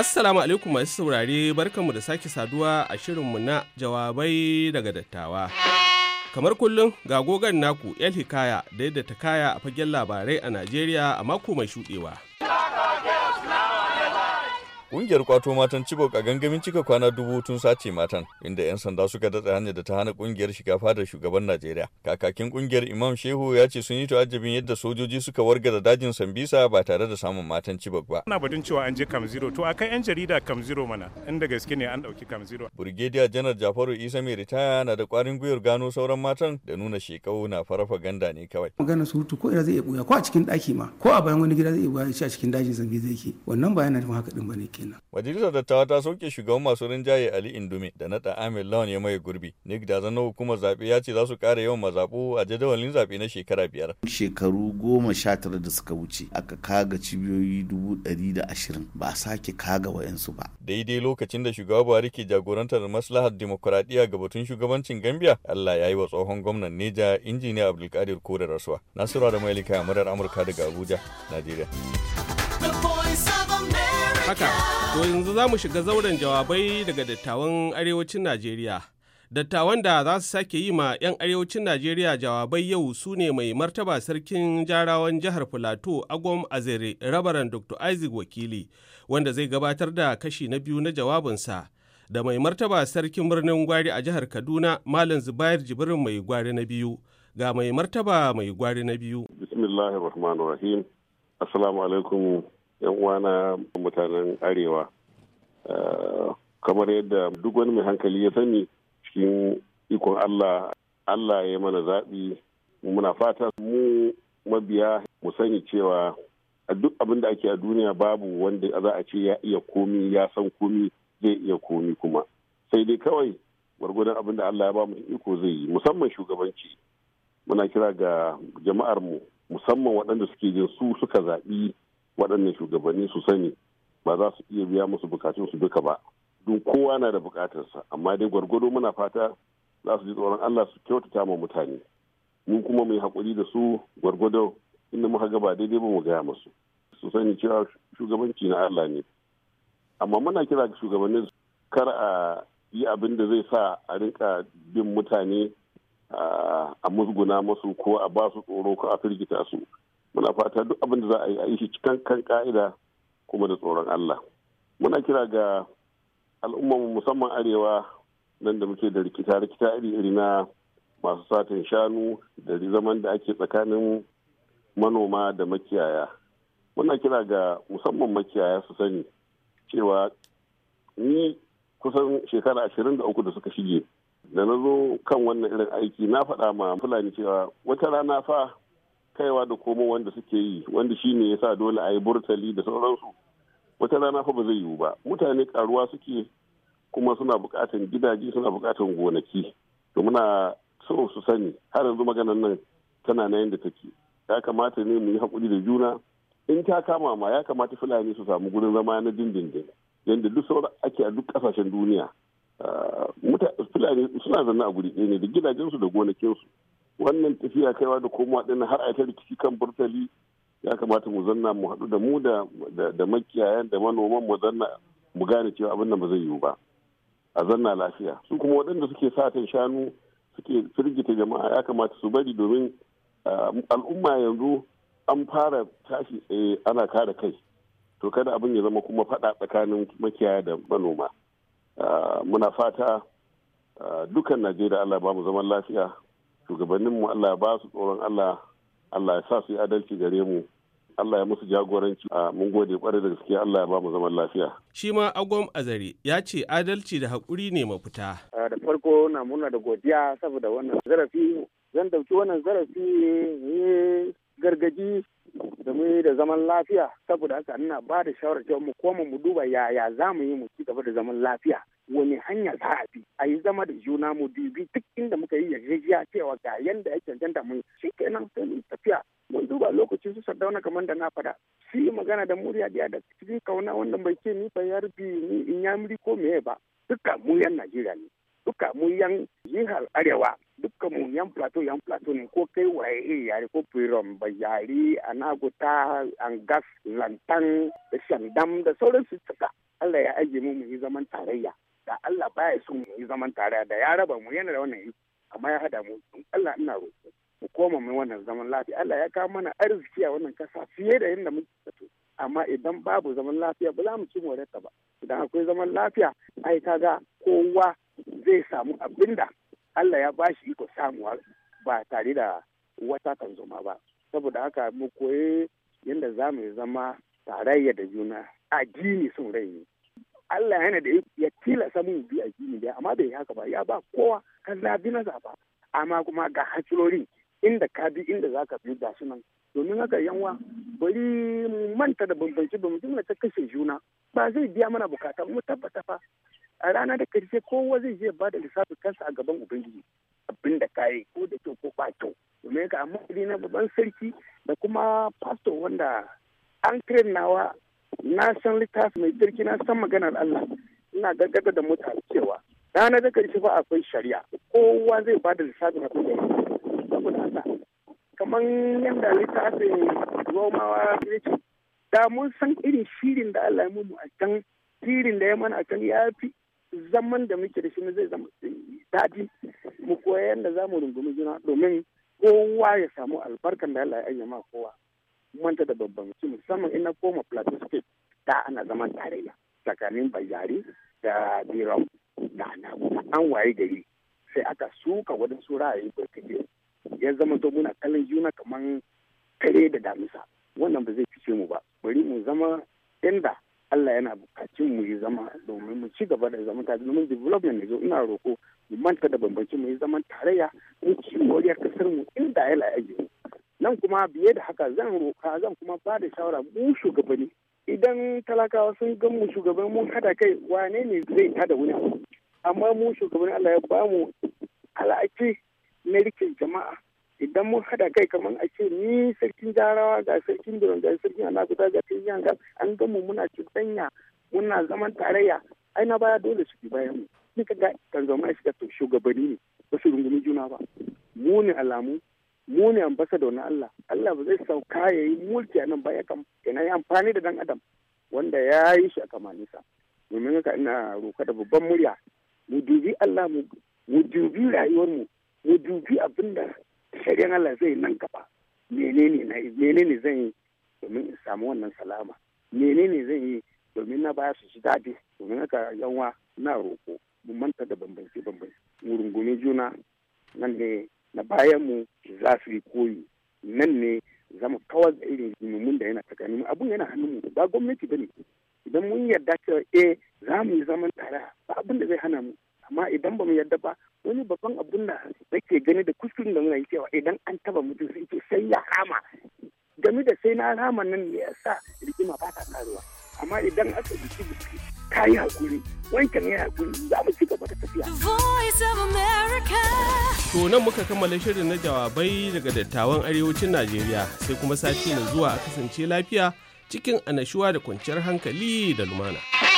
Assalamu alaikum masu saurare barkanmu da sake saduwa a shirinmu na jawabai daga dattawa. Kamar kullum ga gogan naku El Hikaya da yadda ta kaya a fagen labarai a Najeriya a mako mai shuɗewa. kungiyar kwato matan Chibok a gangamin cika kwana dubu tun sace matan, inda 'yan sanda suka datse hanyar da ta hana kungiyar shiga fadar shugaban Najeriya. Kakakin kungiyar Imam Shehu ya ce sun yi ta'ajabin yadda sojoji suka wargaza dajin Sambisa ba tare da samun matan Chibok ba. Ana batun cewa an je Kam Zero, to akai 'yan jarida Kam Zero mana, inda gaske ne an ɗauki Kam Zero. Burgediya Janar Jafaru Isa mai ritaya na da kwarin gwiwar gano sauran matan da nuna shekau na farafa ganda ne kawai. Magana surutu ko ina zai iya buya ko a cikin ɗaki ma ko a bayan wani gida zai iya buya a cikin dajin Sambisa yake wannan ba yana haka din ba kenan. Majalisar dattawa ta soke shugaban masu rinjaye Ali Indume da naɗa Ahmed Lawan ya maye gurbi. Nick da zanen hukumar zaɓe ya ce za su ƙara yawan mazaɓu a jadawalin zaɓe na shekara biyar. Shekaru goma sha tara da suka wuce aka kaga cibiyoyi dubu ɗari da ashirin ba a sake kaga wa'yansu ba. Daidai lokacin da shugaba Buhari ke jagorantar maslahar dimokuraɗiyya ga batun shugabancin Gambia Allah ya yi wa tsohon gwamnan Neja injiniya Abdulkadir Kore rasuwa. Nasiru da Mailika murar Amurka daga Abuja, Najeriya. The voice of America. haka to yanzu za mu shiga zauren jawabai daga dattawan arewacin najeriya dattawan da za su sake yi ma 'yan arewacin najeriya jawabai yau su ne mai martaba sarkin jarawan jihar filato agwam azere rabaran dr isaac wakili wanda zai gabatar da kashi na biyu na jawabinsa da mai martaba sarkin birnin gwari a jihar kaduna malam zubair Jibirin mai gwari na biyu ga mai martaba mai gwari na biyu bismillahir rahmanir rahim assalamu alaikum yan uwana mutanen arewa eh, kamar yadda duk wani mai hankali ya sani cikin ikon allah allah ya mana zaɓi muna fata mu mabiya mu sani cewa duk abin da ake a duniya babu wanda za a ce ya iya komi ya san komi zai iya komi kuma sai dai kawai gwargwadon abin da allah ya ba mu iko zai yi musamman shugabanci muna kira ga jama'ar mu musamman waɗanda suke jin su suka zaɓi waɗannan shugabanni su sani ba za su iya biya musu bukatun su duka ba don kowa na da bukatarsa amma dai gwargwado muna fata za su ji tsoron Allah su kyautata ma mutane mun kuma mai haƙuri da su gwargwado inda muka ga ba daidai ba mu gaya musu su sani cewa shugabanci na Allah ne amma muna kira ga su kar a yi abin da zai sa a rinka bin mutane a musguna musu ko a ba su tsoro ko a firgita su muna fata duk abin da za a yi a yi shi cikin kan ka'ida kuma da tsoron Allah muna kira ga al'ummar musamman arewa nan da muke da rikita-rikita iri-iri na masu satin shanu da zaman da ake tsakanin manoma da makiyaya muna kira ga musamman makiyaya su sani cewa ni kusan shekara ashirin da uku da suka shige da na zo kan wannan irin aiki na faɗa ma fulani cewa wata rana fa kaiwa da komo wanda suke yi wanda shi ne ya sa dole a yi burtali da sauransu wata rana fa ba zai yiwu ba mutane karuwa suke kuma suna bukatan gidaje suna bukatan gonaki to muna so su sani har yanzu maganar nan tana na yadda take ya kamata ne mu yi hakuri da juna in ta kama ma ya kamata fulani su samu gurin zama na dindindin yadda duk sauran ake a duk kasashen duniya ah, fulani suna zanna a guri ne da gidajensu da gonakinsu wannan tafiya kaiwa da komowa ɗin har a ta rikici kan burtali ya kamata mu zanna mu haɗu da mu da makiyayan da manoman mu zanna mu gane cewa abin nan ba zai yiwu ba a zanna lafiya su kuma waɗanda suke satan shanu suke firgita jama'a ya kamata su bari domin al'umma yanzu an fara tashi tsaye ana kare kai to kada abin ya zama kuma faɗa tsakanin makiyaya da manoma muna fata dukan najeriya allah ba mu zaman lafiya shugabanninmu Allah ya ba su tsoron Allah Allah ya sa su yi adalci gare mu Allah ya musu jagoranci a mun gode kwarai da gaske Allah ya ba mu zaman lafiya. Shi ma Agwam Azare ya ce adalci da hakuri ne mafita. Da farko na muna da godiya saboda wannan zarafi zan dauki wannan zarafi ne gargaji da mu da zaman lafiya saboda haka ina ba da shawarar cewa mu koma mu duba yaya za mu yi mu ci gaba da zaman lafiya wani hanya za a bi a yi zama da juna mu dubi duk inda muka yi yarjejiya cewa ga yanda yake cancanta mu shi kenan sai mu tafiya mun duba lokaci su sardauna kamar da na faɗa su magana da murya biya da cikin kauna wanda bai ce ni ba yarbi ni in yamri ko meye ba duka mu yan najeriya ne duka mu yan jihar arewa duka mu yan plateau yan plateau ne ko kai waye eh, yare ko firon bayari anaguta angas lantan da shandam da sauransu suka Allah ya ajiye mu mu yi zaman tarayya da Allah baya son mu yi zaman tare da ya raba mu yana da wannan iko amma ya hada mu Allah ina roƙo mu koma mu wannan zaman lafiya Allah ya kawo mana arziki a wannan kasa fiye da yadda muke zato amma idan babu zaman lafiya ba za mu ci morata ba idan akwai zaman lafiya ai ga kowa zai samu abinda Allah ya bashi iko samuwa ba tare da wata zoma ba saboda haka mu koyi yadda za mu zama tarayya da juna addini sun rai ne Allah yana da ya tilasta mun bi jini da amma bai haka ba ya ba kowa ka zabi na zaba amma kuma ga hasilori inda ka bi inda za ka bi ga nan domin haka yanwa bari mu manta da bambanci bambanci ta kashe juna ba zai biya mana bukata mu tabbata fa a rana da karshe kowa zai je ba da lissafin kansa a gaban ubangiji abin da kayi ko da kyau ko ba domin ka amma na babban sarki da kuma pastor wanda an nawa na san littafi mai girki na san maganar Allah ina gargada da mutane cewa rana da karshe ba akwai shari'a kowa zai ba da lissafi na da saboda Allah kamar yadda littafin romawa ya da mun san irin shirin da Allah ya mu a can shirin da ya mana a can ya fi zaman da muke da shi zai zama daɗi mu koya yadda za mu rungumi juna domin kowa ya samu albarkan da Allah ya ayyama kowa. manta da babban su musamman ina koma plateau state da ana zaman tarayya tsakanin bayari da biram da anaguda an waye gari sai aka suka waɗansu ra'ayi barkaje ya zama to muna kallon juna kamar kare da damisa wannan ba zai fice mu ba bari mu zama inda Allah yana bukacin mu yi zama domin mu ci gaba da zama tare domin development ne zo ina roko mu manta da bambanci mu yi zaman tarayya mu ci moriyar kasar mu inda ya aje nan kuma biye da haka zan roka zan kuma ba da shawara mu shugabanni idan talakawa sun gan mu shugaban mun hada kai wane ne zai tada wani amma mu shugaban Allah ya ba mu al'aki na rikin jama'a idan mun hada kai kamar a ce ni sarkin jarawa ga sarkin biron ga sarkin alakuta ga sarkin yankan an gamu muna cuɗanya muna zaman tarayya ai na baya dole su bi bayan mu ni ka kan zama shi ga shugabanni ne ba su rungumi juna ba mu ne alamu mu ne ambasado na Allah Allah ba zai sauka ya yi mulki a nan ba ya kam ina yi amfani da dan adam wanda ya yi shi a kamanisa domin haka ina roka da babban murya mu dubi Allah mu mu dubi rayuwar mu mu dubi abin da shari'an Allah zai nan gaba menene na menene zan yi domin in samu wannan salama menene zan yi domin na baya su shi daɗi domin haka yanwa na roko mu manta da bambanci bambanci mu rungume juna nan ne na bayan mu za su yi koyi nan ne za mu kawar da irin rigimin da yana mu abun yana mu ba gwamnati ba ne idan mun yarda cewa eh za mu yi zaman tare ba abin da zai hana mu amma idan ba mu yarda ba wani babban abun da nake gani da kuskuren da muna yi cewa idan an taba mutum sai ce sai ya rama game da sai na rama nan ne ya sa rigima ba ta karuwa amma idan aka bi biki ka yi hakuri wanke ya hakuri za mu ci gaba da tafiya. To nan muka kammala shirin na jawabai daga dattawan arewacin Najeriya sai kuma sati na zuwa a kasance lafiya cikin anashuwa da kwanciyar hankali da lumana.